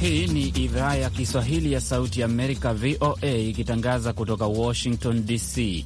Hii ni idhaa ya Kiswahili ya Sauti ya Amerika, VOA, ikitangaza kutoka Washington DC.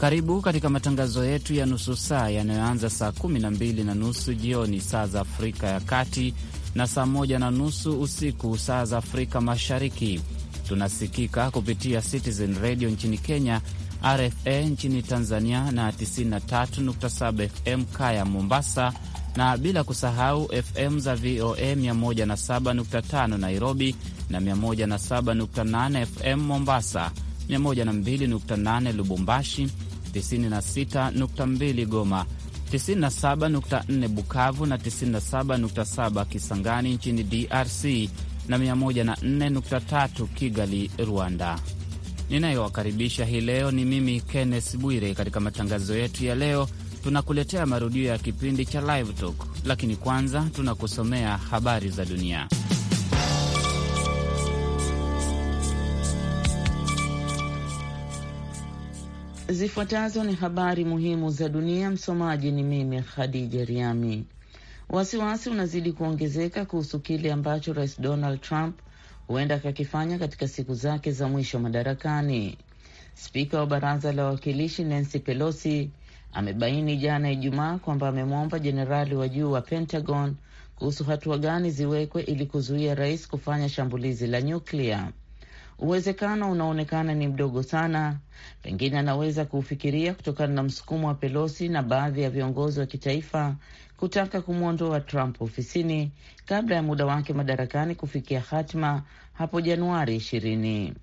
Karibu katika matangazo yetu ya nusu saa yanayoanza saa 12 na nusu jioni saa za Afrika ya Kati na saa 1 na nusu usiku saa za Afrika Mashariki Tunasikika kupitia Citizen Radio nchini Kenya, RFA nchini Tanzania na 93.7 FM Kaya Mombasa, na bila kusahau FM za VOA 107.5 Nairobi na 107.8 FM Mombasa, 102.8 Lubumbashi, 96.2 Goma, 97.4 Bukavu na 97.7 Kisangani nchini DRC na 104.3 Kigali, Rwanda. Ninayowakaribisha hii leo ni mimi Kenneth Bwire. Katika matangazo yetu ya leo, tunakuletea marudio ya kipindi cha Live Talk, lakini kwanza tunakusomea habari za dunia. Zifuatazo ni habari muhimu za dunia. Msomaji ni mimi Khadija Riami. Wasiwasi unazidi kuongezeka kuhusu kile ambacho rais Donald Trump huenda akakifanya katika siku zake za mwisho madarakani. Spika wa baraza la wawakilishi Nancy Pelosi amebaini jana Ijumaa kwamba amemwomba jenerali wa juu wa Pentagon kuhusu hatua gani ziwekwe ili kuzuia rais kufanya shambulizi la nyuklia uwezekano unaonekana ni mdogo sana, pengine anaweza kuufikiria kutokana na msukumo wa Pelosi na baadhi ya viongozi wa kitaifa kutaka kumwondoa Trump ofisini kabla ya muda wake madarakani kufikia hatima hapo Januari ishirini.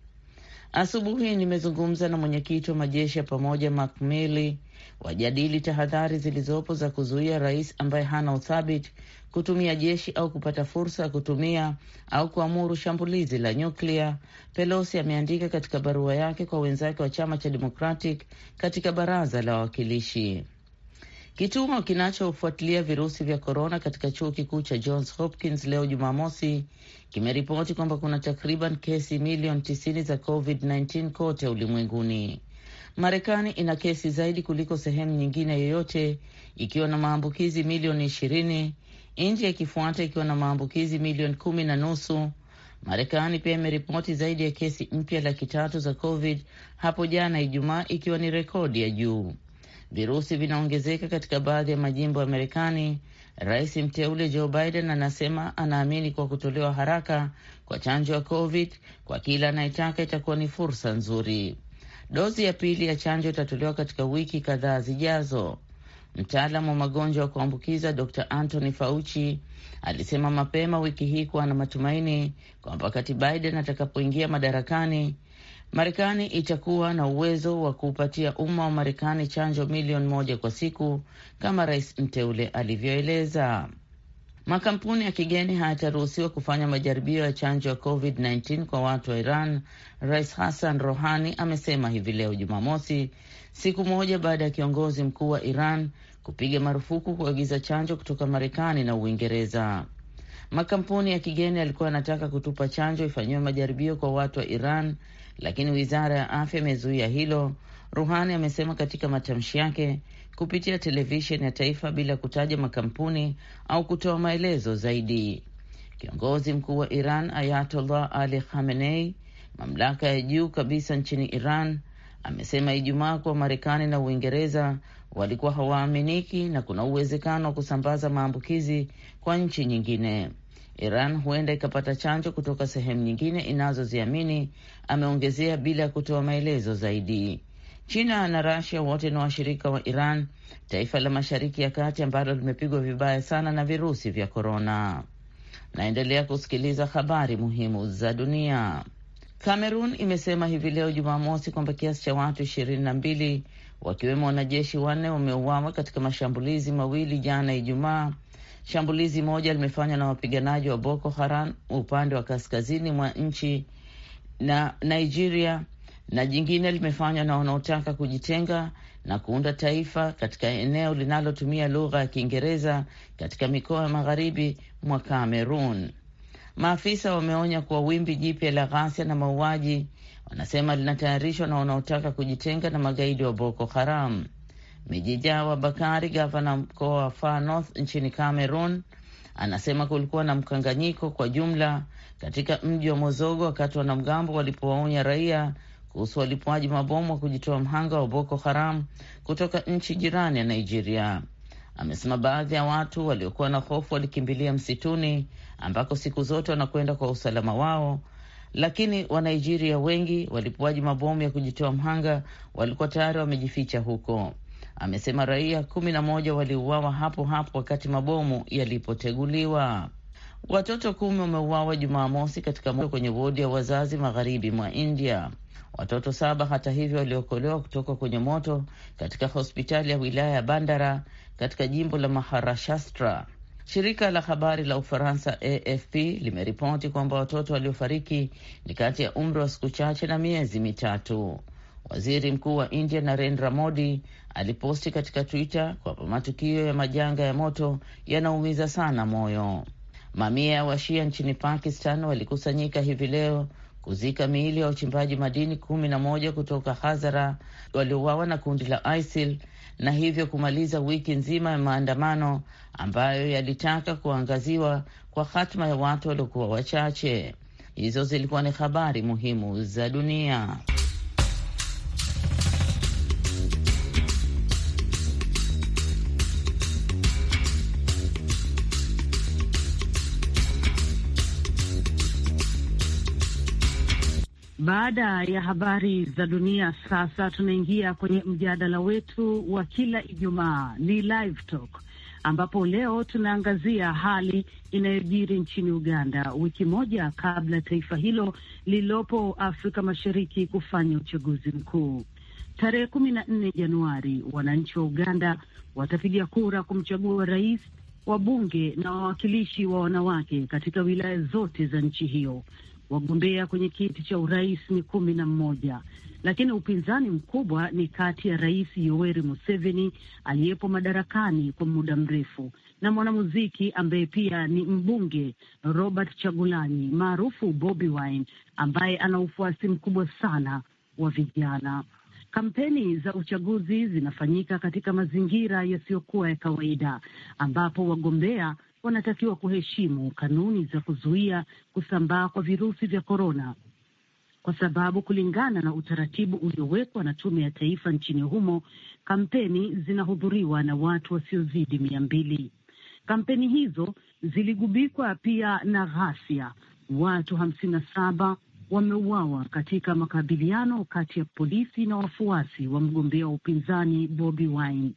Asubuhi nimezungumza na mwenyekiti wa majeshi ya pamoja Macmili, wajadili tahadhari zilizopo za kuzuia rais ambaye hana uthabiti kutumia jeshi au kupata fursa ya kutumia au kuamuru shambulizi la nyuklia, Pelosi ameandika katika barua yake kwa wenzake wa chama cha Democratic katika baraza la wawakilishi. Kituo kinachofuatilia virusi vya korona katika chuo kikuu cha Johns Hopkins leo Jumamosi kimeripoti kwamba kuna takriban kesi milioni 90 za COVID-19 kote ulimwenguni. Marekani ina kesi zaidi kuliko sehemu nyingine yoyote, ikiwa na maambukizi milioni 20, India ikifuata ikiwa na maambukizi milioni kumi na nusu. Marekani pia imeripoti zaidi ya kesi mpya laki tatu za COVID hapo jana Ijumaa, ikiwa ni rekodi ya juu virusi vinaongezeka katika baadhi ya majimbo ya Marekani, rais mteule Joe Biden anasema anaamini kwa kutolewa haraka kwa chanjo ya COVID kwa kila anayetaka itakuwa ni fursa nzuri. Dozi ya pili ya chanjo itatolewa katika wiki kadhaa zijazo. Mtaalamu wa magonjwa ya kuambukiza Dr Anthony Fauci alisema mapema wiki hii kuwa na matumaini kwamba wakati Biden atakapoingia madarakani Marekani itakuwa na uwezo wa kuupatia umma wa Marekani chanjo milioni moja kwa siku kama rais mteule alivyoeleza. Makampuni ya kigeni hayataruhusiwa kufanya majaribio ya chanjo ya COVID-19 kwa watu wa Iran, Rais Hassan Rohani amesema hivi leo Jumamosi, siku moja baada ya kiongozi mkuu wa Iran kupiga marufuku kuagiza chanjo kutoka Marekani na Uingereza. Makampuni ya kigeni yalikuwa yanataka kutupa chanjo ifanyiwe majaribio kwa watu wa Iran, lakini wizara ya afya imezuia hilo. Ruhani amesema katika matamshi yake kupitia televisheni ya taifa bila kutaja makampuni au kutoa maelezo zaidi. Kiongozi mkuu wa Iran Ayatollah Ali Khamenei, mamlaka ya juu kabisa nchini Iran, amesema Ijumaa kuwa Marekani na Uingereza walikuwa hawaaminiki na kuna uwezekano wa kusambaza maambukizi kwa nchi nyingine. Iran huenda ikapata chanjo kutoka sehemu nyingine inazoziamini, ameongezea bila ya kutoa maelezo zaidi. China na Rasia wote ni washirika wa Iran, taifa la Mashariki ya Kati ambalo limepigwa vibaya sana na virusi vya korona. Naendelea kusikiliza habari muhimu za dunia. Kamerun imesema hivi leo Jumamosi kwamba kiasi cha watu ishirini na mbili wakiwemo wanajeshi wanne wameuawa katika mashambulizi mawili jana Ijumaa Shambulizi moja limefanywa na wapiganaji wa Boko Haram upande wa kaskazini mwa nchi na Nigeria na jingine limefanywa na wanaotaka kujitenga na kuunda taifa katika eneo linalotumia lugha ya Kiingereza katika mikoa ya magharibi mwa Kamerun. Maafisa wameonya kuwa wimbi jipya la ghasia na mauaji wanasema linatayarishwa na wanaotaka kujitenga na magaidi wa Boko Haram wa Bakari, gavana mkoa wa Far North nchini Cameroon, anasema kulikuwa na mkanganyiko kwa jumla katika mji wa Mozogo wakati wanamgambo walipowaonya raia kuhusu walipuaji mabomu wa kujitoa mhanga wa Boko Haram kutoka nchi jirani ya Nigeria. Amesema baadhi ya watu waliokuwa na hofu walikimbilia msituni ambako siku zote wanakwenda kwa usalama wao, lakini Wanigeria wengi walipuaji mabomu ya kujitoa mhanga walikuwa tayari wamejificha huko amesema raia kumi na moja waliuawa hapo hapo wakati mabomu yalipoteguliwa. Watoto kumi wameuawa Jumamosi katika moto kwenye wodi ya wazazi magharibi mwa India. Watoto saba hata hivyo waliokolewa kutoka kwenye moto katika hospitali ya wilaya ya Bandara katika jimbo la Maharashtra. Shirika la habari la Ufaransa AFP limeripoti kwamba watoto waliofariki ni kati ya umri wa siku chache na miezi mitatu. Waziri Mkuu wa India Narendra Modi aliposti katika Twitter kwamba matukio ya majanga ya moto yanaumiza sana moyo. Mamia ya washia nchini Pakistan walikusanyika hivi leo kuzika miili ya wachimbaji madini kumi na moja kutoka Hazara waliouawa na kundi la ISIL na hivyo kumaliza wiki nzima ya maandamano ambayo yalitaka kuangaziwa kwa hatima ya watu waliokuwa wachache. Hizo zilikuwa ni habari muhimu za dunia. Baada ya habari za dunia, sasa tunaingia kwenye mjadala wetu wa kila Ijumaa, ni Live Talk, ambapo leo tunaangazia hali inayojiri nchini Uganda wiki moja kabla taifa hilo lililopo Afrika Mashariki kufanya uchaguzi mkuu tarehe kumi na nne Januari. Wananchi wa Uganda watapiga kura kumchagua rais, wabunge na wawakilishi wa wanawake katika wilaya zote za nchi hiyo. Wagombea kwenye kiti cha urais ni kumi na mmoja, lakini upinzani mkubwa ni kati ya Rais Yoweri Museveni aliyepo madarakani kwa muda mrefu na mwanamuziki ambaye pia ni mbunge Robert Chagulanyi maarufu Bobi Wine, ambaye ana ufuasi mkubwa sana wa vijana. Kampeni za uchaguzi zinafanyika katika mazingira yasiyokuwa ya kawaida ambapo wagombea wanatakiwa kuheshimu kanuni za kuzuia kusambaa kwa virusi vya korona, kwa sababu kulingana na utaratibu uliowekwa na Tume ya Taifa nchini humo, kampeni zinahudhuriwa na watu wasiozidi mia mbili. Kampeni hizo ziligubikwa pia na ghasia. Watu hamsini na saba wameuawa katika makabiliano kati ya polisi na wafuasi wa mgombea wa upinzani Bobi Wine.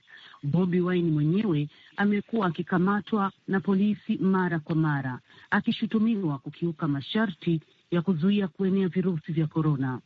Bobi Wine mwenyewe amekuwa akikamatwa na polisi mara kwa mara akishutumiwa kukiuka masharti ya kuzuia kuenea virusi vya korona,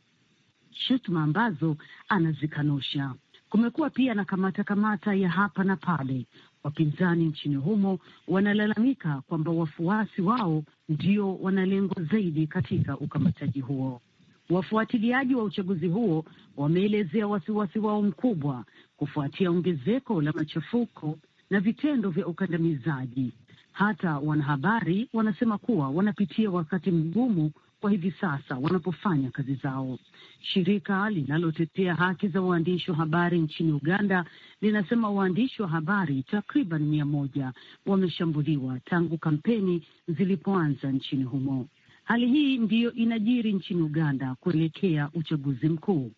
shutuma ambazo anazikanusha. Kumekuwa pia na kamata kamata ya hapa na pale. Wapinzani nchini humo wanalalamika kwamba wafuasi wao ndio wanalengwa zaidi katika ukamataji huo. Wafuatiliaji wa uchaguzi huo wameelezea wasiwasi wao mkubwa kufuatia ongezeko la machafuko na vitendo vya ukandamizaji. Hata wanahabari wanasema kuwa wanapitia wakati mgumu kwa hivi sasa wanapofanya kazi zao. Shirika linalotetea haki za waandishi wa habari nchini Uganda linasema waandishi wa habari takriban mia moja wameshambuliwa tangu kampeni zilipoanza nchini humo. Hali hii ndiyo inajiri nchini Uganda kuelekea uchaguzi mkuu.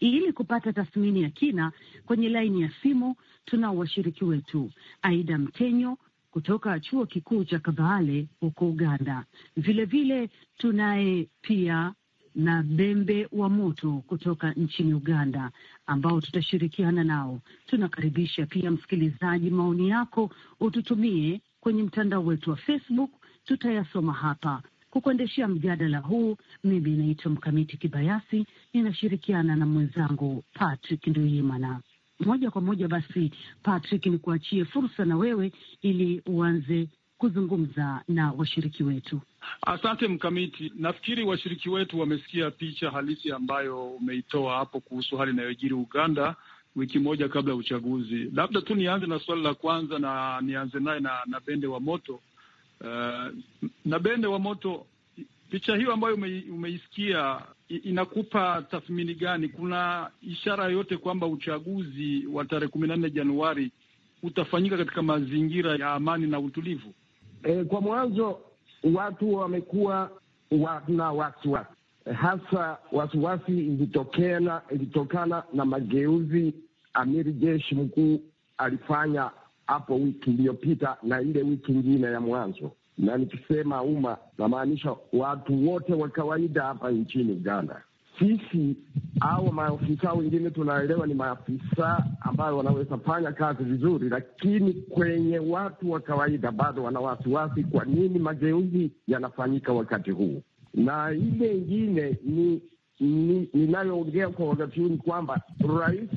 Ili kupata tathmini ya kina, kwenye laini ya simu tunao washiriki wetu Aida Mtenyo kutoka chuo kikuu cha Kabale huko Uganda. Vilevile tunaye pia na Bembe wa Moto kutoka nchini Uganda ambao tutashirikiana nao. Tunakaribisha pia msikilizaji, maoni yako ututumie kwenye mtandao wetu wa Facebook, tutayasoma hapa Kukuendeshea mjadala huu mimi naitwa Mkamiti Kibayasi, ninashirikiana na mwenzangu Patrick Nduimana. Moja kwa moja basi, Patrick, ni kuachie fursa na wewe ili uanze kuzungumza na washiriki wetu. Asante Mkamiti, nafikiri washiriki wetu wamesikia picha halisi ambayo umeitoa hapo kuhusu hali inayojiri Uganda wiki moja kabla ya uchaguzi. Labda tu nianze na swali la kwanza na nianze naye na, na Bende wa Moto Uh, na Bende wa Moto, picha hiyo ambayo ume, umeisikia inakupa tathmini gani? Kuna ishara yoyote kwamba uchaguzi wa tarehe kumi na nne Januari utafanyika katika mazingira ya amani na utulivu? E, kwa mwanzo watu wamekuwa wana wasiwasi, hasa wasiwasi ilitokana na mageuzi amiri jeshi mkuu alifanya hapo wiki iliyopita na ile wiki ingine ya mwanzo. Na nikisema umma, namaanisha watu wote wa kawaida hapa nchini Uganda. Sisi au maafisa wengine tunaelewa ni maafisa ambayo wanaweza fanya kazi vizuri, lakini kwenye watu wa kawaida bado wana wasiwasi. Kwa nini mageuzi yanafanyika wakati huu? Na ile ingine ni ninayoongea kwa wakati huu ni kwamba Rais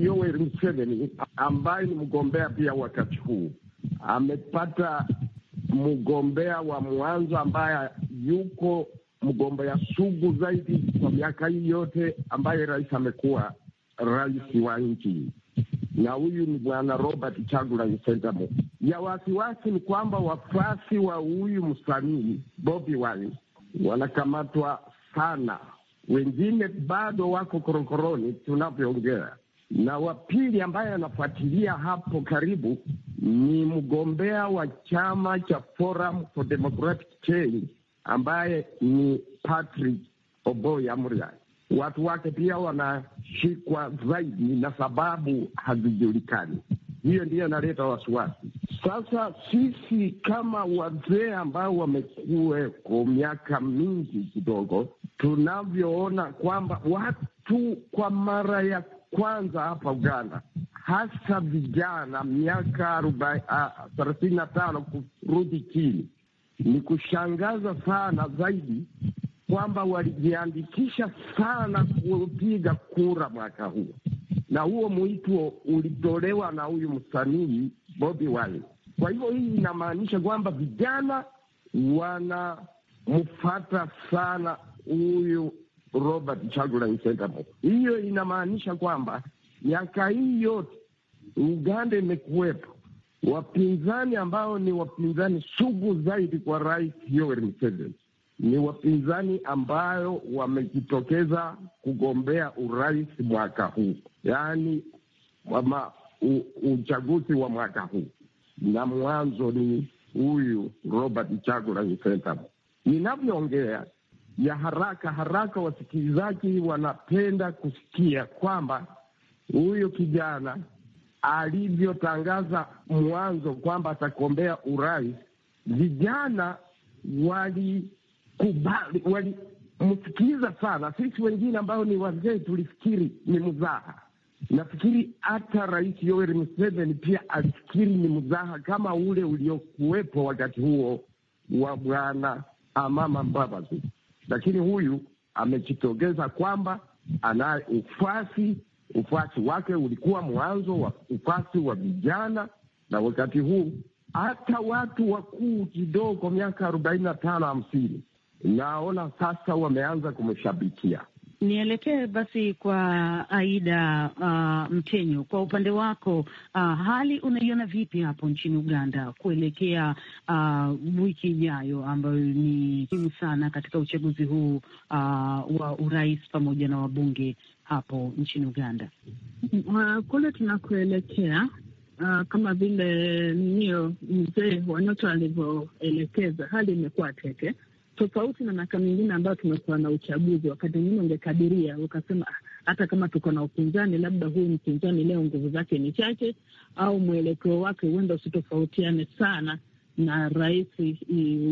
Yoweri Museveni ambaye ni mgombea pia wakati huu amepata mgombea wa mwanzo ambaye yuko mgombea sugu zaidi kwa miaka hii yote ambaye rais amekuwa rais wa nchi, na huyu ni bwana Robert Kyagulanyi Ssentamu. Ya wasiwasi ni kwamba wafuasi wa huyu msanii Bobi Wine wanakamatwa sana wengine bado wako korokoroni tunavyoongea, na wa pili ambaye anafuatilia hapo karibu ni mgombea wa chama cha Forum for Democratic Change ambaye ni Patrick Oboi Amuriat. Watu wake pia wanashikwa zaidi na sababu hazijulikani. Hiyo ndiyo inaleta wasiwasi. Sasa sisi kama wazee ambao kwa miaka mingi kidogo tunavyoona kwamba watu kwa mara ya kwanza hapa Uganda, hasa vijana miaka ah, thelathini na tano kurudi chini, ni kushangaza sana zaidi kwamba walijiandikisha sana kupiga kura mwaka huo, na huo mwito ulitolewa na huyu msanii Bobi Wine. Kwa hivyo hii inamaanisha kwamba vijana wanamfata sana huyu Robert Kyagulanyi Ssentamu. Hiyo inamaanisha kwamba miaka hii yote Uganda imekuwepo wapinzani ambao ni wapinzani sugu zaidi kwa Rais Yoweri Museveni, ni wapinzani ambayo wamejitokeza kugombea urais mwaka huu, yaani ama uchaguzi wa mwaka huu, na mwanzo ni huyu Robert Kyagulanyi Ssentamu. Ninavyoongea ya haraka haraka, wasikilizaji wanapenda kusikia kwamba huyo kijana alivyotangaza mwanzo kwamba atagombea urais, vijana walikubali, walimsikiliza sana. Sisi wengine ambao ni wazee tulifikiri ni mzaha. Nafikiri hata Rais Yoweri Museveni pia alifikiri ni mzaha kama ule uliokuwepo wakati huo wa Bwana Amama Mbabazi lakini huyu amejitogeza kwamba ana ufasi ufasi wake ulikuwa mwanzo wa ufasi wa vijana, na wakati huu hata watu wakuu kidogo, miaka arobaini na tano hamsini, naona sasa wameanza kumshabikia. Nielekee basi kwa Aida uh, Mtenyo, kwa upande wako uh, hali unaiona vipi hapo nchini Uganda kuelekea uh, wiki ijayo ambayo ni muhimu sana katika uchaguzi huu uh, wa urais pamoja na wabunge hapo nchini Uganda? Uh, kule tunakuelekea uh, kama vile nio mzee Wanyota alivyoelekeza, hali imekuwa tete tofauti na miaka mingine ambayo tumekuwa na uchaguzi. Wakati mwingine ungekadiria ukasema, ah, hata kama tuko na upinzani, labda huyu mpinzani leo nguvu zake ni chache, au mwelekeo wake huenda usitofautiane sana na Rais eh,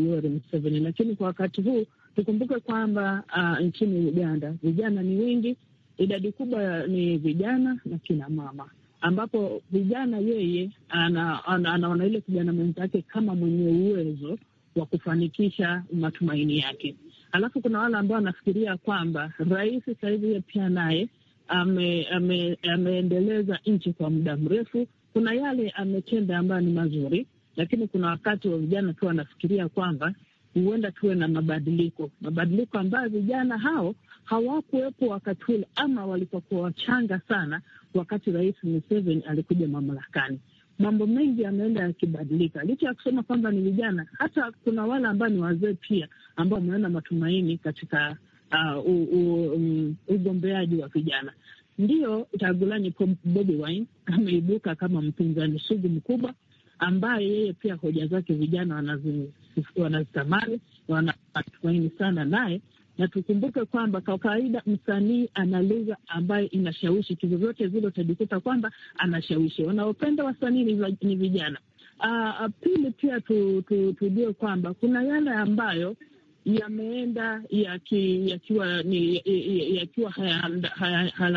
Yoweri Museveni. Lakini kwa wakati huu tukumbuke kwamba uh, nchini Uganda vijana ni wengi, idadi kubwa ni vijana na kina mama, ambapo vijana yeye anaona ana, ana, ana ile kijana mwenzake kama mwenye uwezo wa kufanikisha matumaini yake. Alafu kuna wale ambao wanafikiria kwamba rais sahivi pia naye ame, ame, ameendeleza nchi kwa muda mrefu. Kuna yale ametenda ambayo ni mazuri, lakini kuna wakati wa vijana tu wanafikiria kwamba huenda tuwe na mabadiliko, mabadiliko ambayo vijana hao hawakuwepo wakati ule ama walipokuwa wachanga sana wakati Rais Museveni alikuja mamlakani mambo mengi yameenda yakibadilika, licha ya kusema kwamba ni vijana. Hata kuna wale ambao ni wazee pia ambao wameona matumaini katika uh, um, ugombeaji uh, wa vijana. Ndiyo, Kyagulanyi Bobi Wine ameibuka kama mpinzani sugu mkubwa ambaye yeye pia hoja zake vijana wanazitamani, wanatumaini sana naye na tukumbuke kwamba kwa kawaida msanii ana lugha ambayo inashawishi, kivyovyote vile utajikuta kwamba anashawishi. Wanaopenda wasanii ni vijana. Ah, ah, pili pia tu, tu, tujue kwamba kuna yale ambayo yameenda yakiwa ya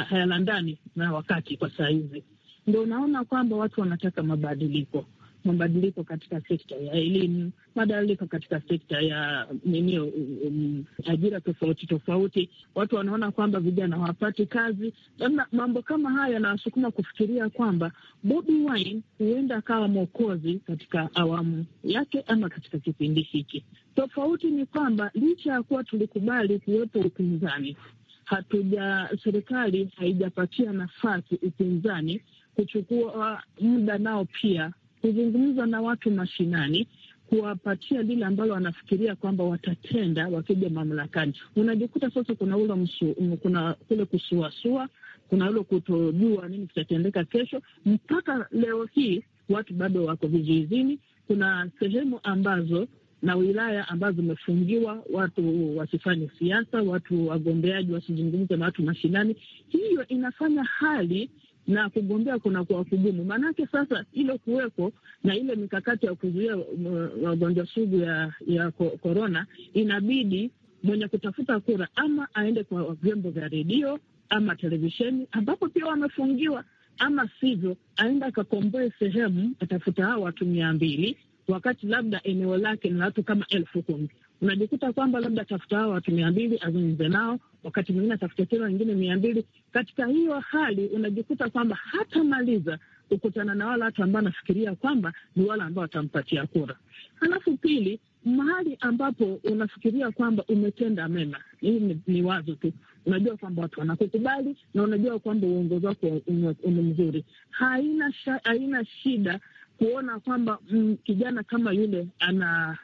hayalandani na wakati kwa saa hizi, ndo unaona kwamba watu wanataka mabadiliko mabadiliko katika sekta ya elimu, mabadiliko katika sekta ya nini, um, um ajira tofauti tofauti. Watu wanaona kwamba vijana hawapati kazi, labda mambo kama hayo yanawasukuma kufikiria kwamba Bobi Wine huenda akawa mwokozi katika awamu yake ama katika kipindi hiki. Tofauti ni kwamba licha ya kuwa tulikubali kuwepo upinzani hatuja serikali haijapatia nafasi upinzani kuchukua muda nao pia kuzungumza na watu mashinani kuwapatia lile ambalo wanafikiria kwamba watatenda wakija mamlakani. Unajikuta sasa kuna ule msu, kuna kule kusuasua, kuna ule kutojua nini kitatendeka kesho. Mpaka leo hii watu bado wako vizuizini. Kuna sehemu ambazo na wilaya ambazo zimefungiwa, watu wasifanye siasa, watu wagombeaji wasizungumze na watu mashinani. Hiyo inafanya hali na kugombea kuna kuwa kugumu, maanake sasa ile kuwepo na ile mikakati ya kuzuia uh, magonjwa sugu ya ya korona, inabidi mwenye kutafuta kura ama aende kwa vyombo vya redio ama televisheni ambapo pia wamefungiwa, ama sivyo aende akakomboe sehemu, atafuta hao watu mia mbili wakati labda eneo lake ni watu kama elfu kumi unajikuta kwamba labda tafuta hao watu mia mbili azungumze nao, wakati mwingine atafuta tena wengine mia mbili. Katika hiyo hali unajikuta kwamba hata maliza kukutana na wale watu ambao anafikiria kwamba ni wale ambao watampatia kura. Halafu pili, mahali ambapo unafikiria kwamba umetenda mema, hii ni, ni wazo tu unajua kwamba watu wanakukubali na unajua kwamba uongozi wako ni mzuri, haina, haina shida kuona kwamba mm, kijana kama yule ana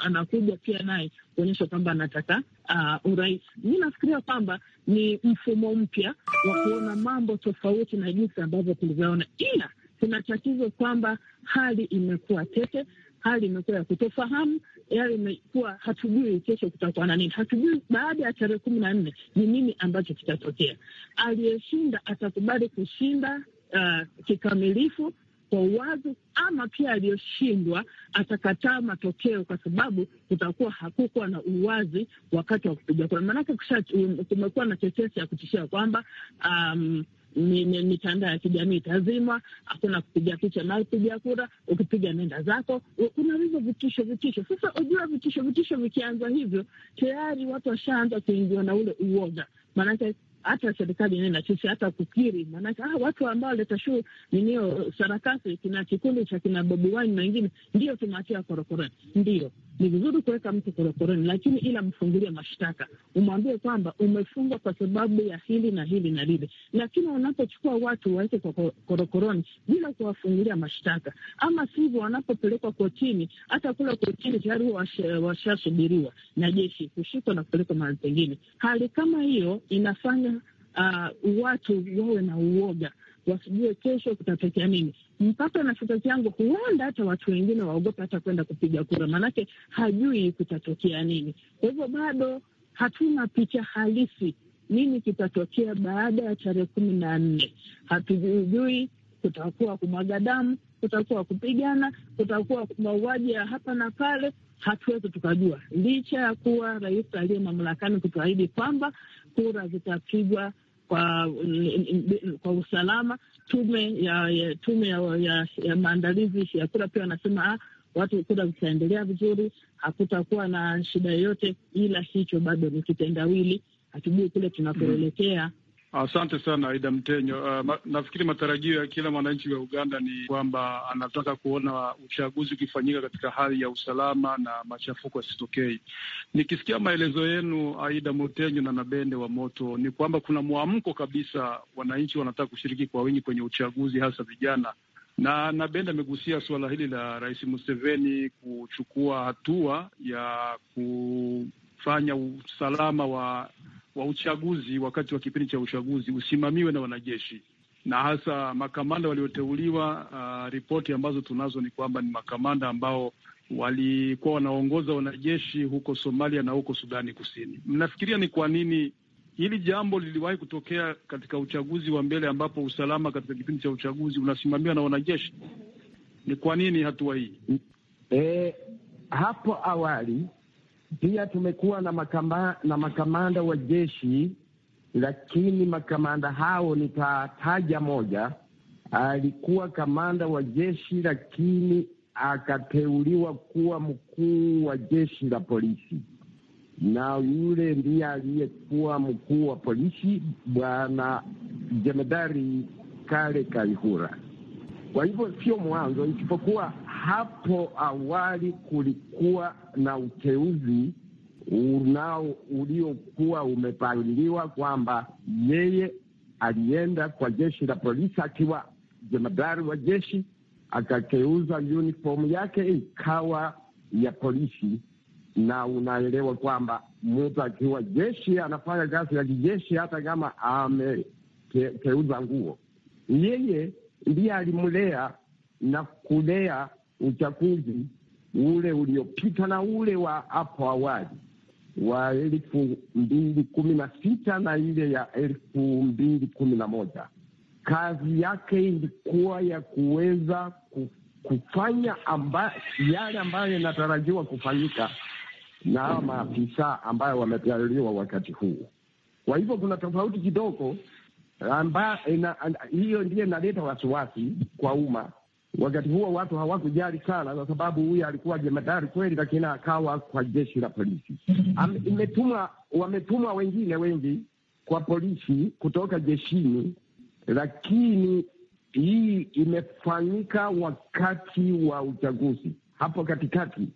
anakubwa pia naye kuonyesha kwamba anataka uh, urais. Mi nafikiria kwamba ni mfumo mpya wa kuona mambo tofauti na jinsi ambavyo tulivyoona, ila kuna tatizo kwamba hali imekuwa tete, hali imekuwa ya kutofahamu, yale imekuwa hatujui kesho kutakuwa na nini, hatujui baada ya tarehe kumi na nne ni nini ambacho kitatokea. Aliyeshinda atakubali kushinda uh, kikamilifu kwa uwazi, ama pia aliyoshindwa atakataa matokeo, kwa sababu kutakuwa hakukuwa na uwazi wakati wa kupiga kura. Maanake kumekuwa na tetesi ya kutishia kwamba um, mitandao ya kijamii itazimwa, hakuna kupiga picha na kupiga kura, ukipiga nenda zako. Kuna hivyo vitisho, vitisho. Sasa ujua, vitisho vitisho vikianza hivyo, tayari watu washaanza kuingiwa na ule uoga, maanake hata serikali yenyewe na sisi hata kukiri, maanake ah, watu ambao waleta shuu ninio sarakasi kina kikundi cha kina Bobi Wine na wengine ndio tumewatia korokoroni, ndio ni vizuri kuweka mtu korokoroni, lakini ila mfungulie mashtaka, umwambie kwamba umefungwa kwa sababu ya hili na hili na lile. Lakini wanapochukua watu waweke kwa korokoroni bila kuwafungulia mashtaka, ama sivyo, wanapopelekwa kotini, hata kule kotini tayari washasubiriwa na jeshi kushikwa na kupelekwa mahali pengine. Hali kama hiyo inafanya uh, watu wawe na uoga wasijue kesho kutatokea nini mpaka na sitaki yangu, huenda hata watu wengine waogope hata kwenda kupiga kura, maanake hajui kutatokea nini. Kwa hivyo bado hatuna picha halisi nini kitatokea baada ya tarehe kumi na nne. Hatujui kutakuwa kumwaga damu, kutakuwa kupigana, kutakuwa mauaji ya hapa na pale, hatuwezi tukajua, licha ya kuwa rais aliye mamlakani kutuahidi kwamba kura zitapigwa kwa mm, kwa usalama. Tume ya, ya tume ya, ya, ya maandalizi ya kura pia wanasema ah, watu kura zitaendelea vizuri, hakutakuwa na shida yoyote, ila hicho bado ni kitendawili, hatujui kule tunakoelekea mm -hmm. Asante sana Aida Mtenyo. Uh, ma, nafikiri matarajio ya kila mwananchi wa Uganda ni kwamba anataka kuona uchaguzi ukifanyika katika hali ya usalama na machafuko yasitokei. Nikisikia maelezo yenu Aida Mtenyo na Nabende wa Moto, ni kwamba kuna mwamko kabisa, wananchi wanataka kushiriki kwa wingi kwenye uchaguzi, hasa vijana na nabende amegusia suala hili la Rais Museveni kuchukua hatua ya kufanya usalama wa wa uchaguzi wakati wa kipindi cha uchaguzi usimamiwe na wanajeshi na hasa makamanda walioteuliwa. Uh, ripoti ambazo tunazo ni kwamba ni makamanda ambao walikuwa wanaongoza wanajeshi huko Somalia na huko Sudani Kusini. Mnafikiria ni kwa nini hili jambo liliwahi kutokea katika uchaguzi wa mbele, ambapo usalama katika kipindi cha uchaguzi unasimamiwa na wanajeshi? Ni kwa nini hatua hii? E, hapo awali pia tumekuwa na makama, na makamanda wa jeshi, lakini makamanda hao nitataja moja. Alikuwa kamanda wa jeshi lakini akateuliwa kuwa mkuu wa jeshi la polisi, na yule ndiye aliyekuwa mkuu wa polisi Bwana Jemedari Kale Kaihura. Kwa hivyo sio mwanzo, isipokuwa hapo awali kulikuwa na uteuzi unao uliokuwa umepangiliwa kwamba yeye alienda kwa jeshi la polisi akiwa jemadari wa jeshi, akateuza uniform yake ikawa ya polisi, na unaelewa kwamba mtu akiwa jeshi anafanya kazi ya kijeshi, hata kama ameteuza nguo. Yeye ndiye alimlea na kulea uchaguzi ule uliopita na ule wa hapo awali wa elfu mbili kumi na sita na ile ya elfu mbili kumi na moja kazi yake ilikuwa ya kuweza kufanya amba, yale ambayo yanatarajiwa kufanyika na maafisa ambayo wameteuliwa wakati huu. Kwa hivyo kuna tofauti kidogo amba, hiyo ndiyo inaleta wasiwasi kwa umma Wakati huo watu hawakujali sana, kwa sababu huyu alikuwa jemadari kweli, lakini akawa kwa jeshi la polisi. Imetumwa, wametumwa wengine wengi kwa polisi kutoka jeshini, lakini hii imefanyika wakati wa uchaguzi hapo katikati.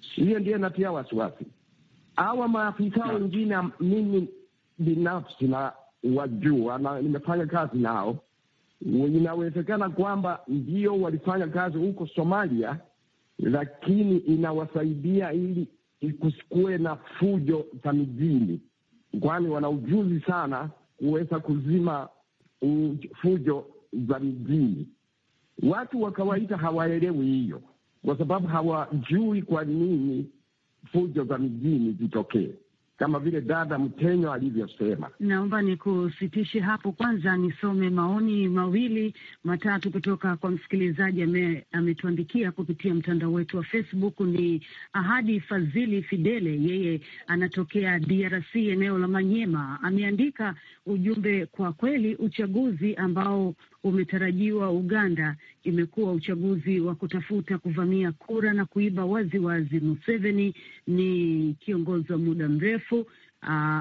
Hiyo ndio inatia wasiwasi. Hawa maafisa wengine, mimi binafsi na wajua na nimefanya kazi nao inawezekana kwamba ndio walifanya kazi huko Somalia, lakini inawasaidia ili kusikuwe na fujo za mijini, kwani wana ujuzi sana kuweza kuzima fujo za mijini. Watu wa kawaida hawaelewi hiyo, kwa sababu hawajui kwa nini fujo za mijini zitokee kama vile dada Mtenyo alivyosema. Naomba nikusitishe hapo kwanza, nisome maoni mawili matatu kutoka kwa msikilizaji ametuandikia kupitia mtandao wetu wa Facebook. Ni Ahadi Fadhili Fidele, yeye anatokea DRC eneo la Manyema, ameandika ujumbe: kwa kweli uchaguzi ambao umetarajiwa Uganda imekuwa uchaguzi wa kutafuta kuvamia kura na kuiba waziwazi wazi. Museveni ni kiongozi wa muda mrefu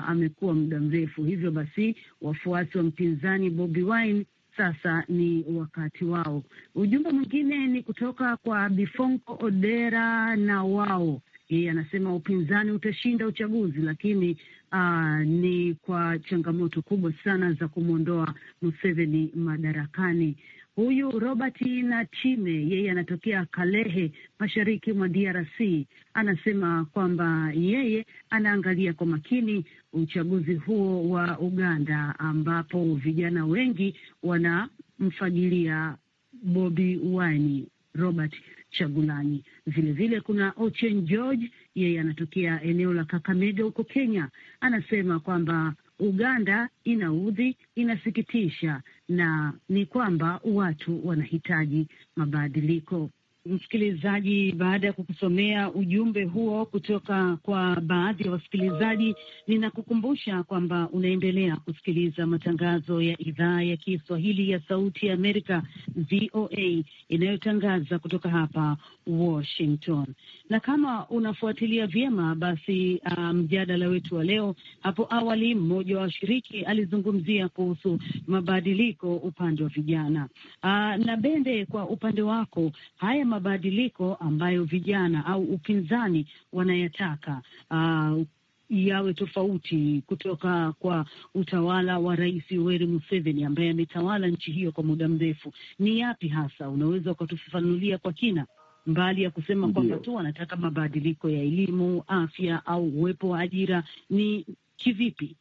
amekuwa muda mrefu hivyo basi, wafuasi wa mpinzani Bobi Wine sasa ni wakati wao. Ujumbe mwingine ni kutoka kwa Bifonko Odera na wao yeye anasema upinzani utashinda uchaguzi, lakini aa, ah, ni kwa changamoto kubwa sana za kumwondoa Museveni madarakani. Huyu Robert Nachime yeye anatokea Kalehe, mashariki mwa DRC. Anasema kwamba yeye anaangalia kwa makini uchaguzi huo wa Uganda, ambapo vijana wengi wanamfagilia Bobi Wine. Robert Chagulanyi. Vilevile kuna Ochen George, yeye anatokea eneo la Kakamega huko Kenya, anasema kwamba Uganda inaudhi, inasikitisha na ni kwamba watu wanahitaji mabadiliko msikilizaji, baada ya kukusomea ujumbe huo kutoka kwa baadhi ya wasikilizaji, ninakukumbusha kwamba unaendelea kusikiliza matangazo ya idhaa ya Kiswahili ya Sauti ya Amerika, VOA, inayotangaza kutoka hapa Washington. Na kama unafuatilia vyema, basi uh, mjadala um, wetu wa leo, hapo awali mmoja wa washiriki alizungumzia kuhusu mabadiliko upande wa vijana uh, na Bende, kwa upande wako haya mabadiliko ambayo vijana au upinzani wanayataka uh, yawe tofauti kutoka kwa utawala wa Rais Yoweri Museveni ambaye ametawala nchi hiyo kwa muda mrefu. Ni yapi hasa unaweza ukatufafanulia kwa kina, mbali ya kusema kwamba tu wanataka mabadiliko ya elimu, afya au uwepo wa ajira? Ni kivipi?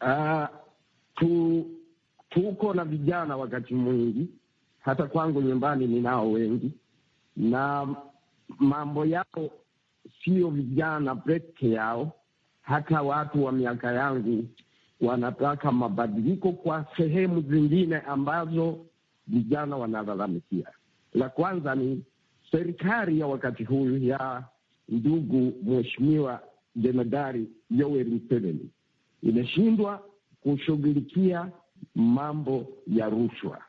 Uh, tu, tuko na vijana wakati mwingi, hata kwangu nyumbani ninao wengi na mambo yao sio vijana peke yao, hata watu wa miaka yangu wanataka mabadiliko kwa sehemu zingine ambazo vijana wanalalamikia. La kwanza ni serikali ya wakati huu ya ndugu mheshimiwa jemedari Yoweri Museveni imeshindwa kushughulikia mambo ya rushwa.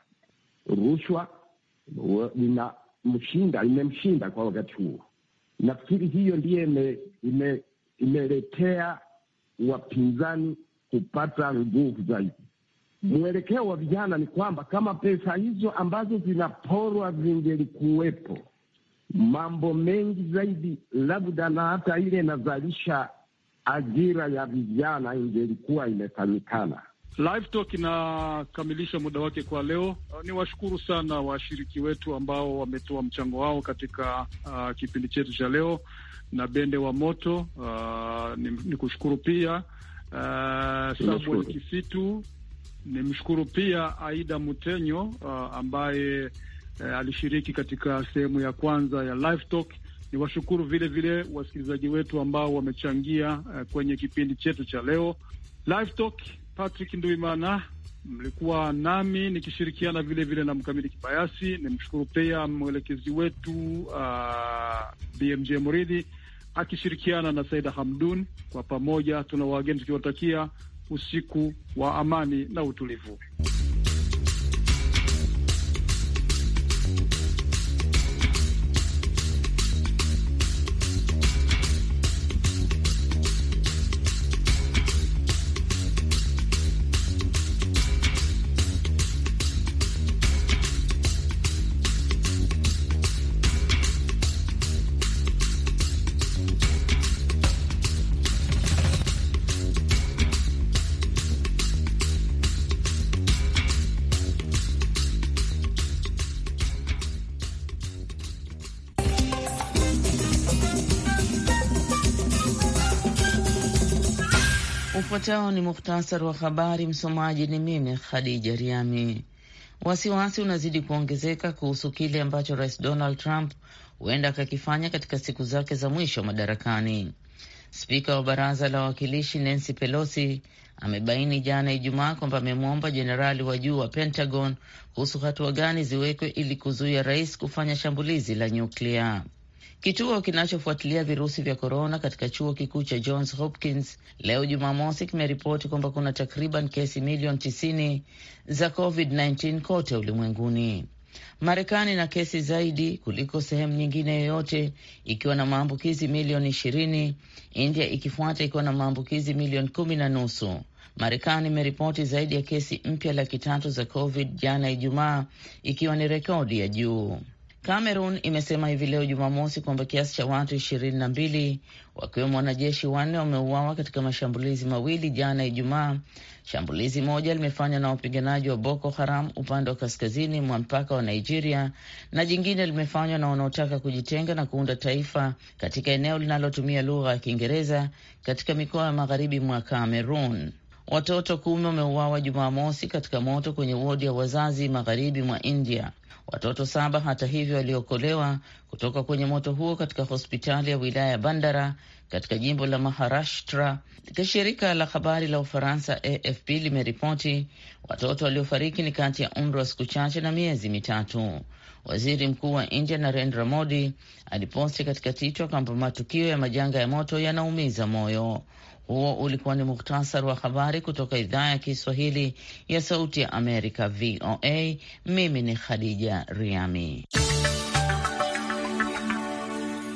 Rushwa ina mshinda imemshinda kwa wakati huo. Nafikiri hiyo ndiyo ime- imeletea wapinzani kupata nguvu zaidi. Hmm. Mwelekeo wa vijana ni kwamba kama pesa hizo ambazo zinaporwa zingelikuwepo, mambo mengi zaidi, labda na hata ile inazalisha ajira ya vijana ingelikuwa imefanyikana. Live Talk inakamilisha muda wake kwa leo. Uh, ni washukuru sana washiriki wetu ambao wametoa mchango wao katika uh, kipindi chetu cha leo na Bende wa Moto. Uh, ni, ni kushukuru pia uh, Samuel Kisitu. Nimshukuru pia Aida Mutenyo uh, ambaye uh, alishiriki katika sehemu ya kwanza ya Live Talk. Ni washukuru vile vile wasikilizaji wetu ambao wamechangia uh, kwenye kipindi chetu cha leo. Live Talk Patrick Nduimana, mlikuwa nami nikishirikiana vilevile vile na Mkamili Kibayasi. Nimshukuru pia mwelekezi wetu uh, ah, BMJ Muridhi akishirikiana na Saida Hamdun. Kwa pamoja tuna wageni tukiwatakia usiku wa amani na utulivu. Ufuatao ni muhtasari wa habari. Msomaji ni mimi Khadija Riami. Wasiwasi unazidi kuongezeka kuhusu kile ambacho rais Donald Trump huenda akakifanya katika siku zake za mwisho madarakani. Spika wa baraza la wawakilishi Nancy Pelosi amebaini jana Ijumaa kwamba amemwomba jenerali wa juu wa Pentagon kuhusu hatua gani ziwekwe ili kuzuia rais kufanya shambulizi la nyuklia. Kituo kinachofuatilia virusi vya korona katika chuo kikuu cha Johns Hopkins leo Jumamosi kimeripoti kwamba kuna takriban kesi milioni 90 za COVID-19 kote ulimwenguni. Marekani na kesi zaidi kuliko sehemu nyingine yoyote, ikiwa na maambukizi milioni 20, India ikifuata ikiwa na maambukizi milioni kumi na nusu. Marekani imeripoti zaidi ya kesi mpya laki tatu za COVID jana Ijumaa, ikiwa ni rekodi ya juu. Cameroon imesema hivi leo Jumamosi kwamba kiasi cha watu ishirini na mbili wakiwemo wanajeshi wanne wameuawa katika mashambulizi mawili jana Ijumaa. Shambulizi moja limefanywa na wapiganaji wa Boko Haram upande wa kaskazini mwa mpaka wa Nigeria na jingine limefanywa na wanaotaka kujitenga na kuunda taifa katika eneo linalotumia lugha ya Kiingereza katika mikoa ya magharibi mwa Cameroon. Watoto kumi wameuawa Jumamosi katika moto kwenye wodi ya wazazi magharibi mwa India. Watoto saba hata hivyo waliokolewa kutoka kwenye moto huo katika hospitali ya wilaya ya Bandara katika jimbo la Maharashtra. Shirika la habari la Ufaransa AFP limeripoti watoto waliofariki ni kati ya umri wa siku chache na miezi mitatu. Waziri Mkuu wa India Narendra Modi aliposti katika titwa kwamba matukio ya majanga ya moto yanaumiza moyo. Huo ulikuwa ni muhtasari wa habari kutoka idhaa ya Kiswahili ya Sauti ya Amerika, VOA. Mimi ni Khadija Riami.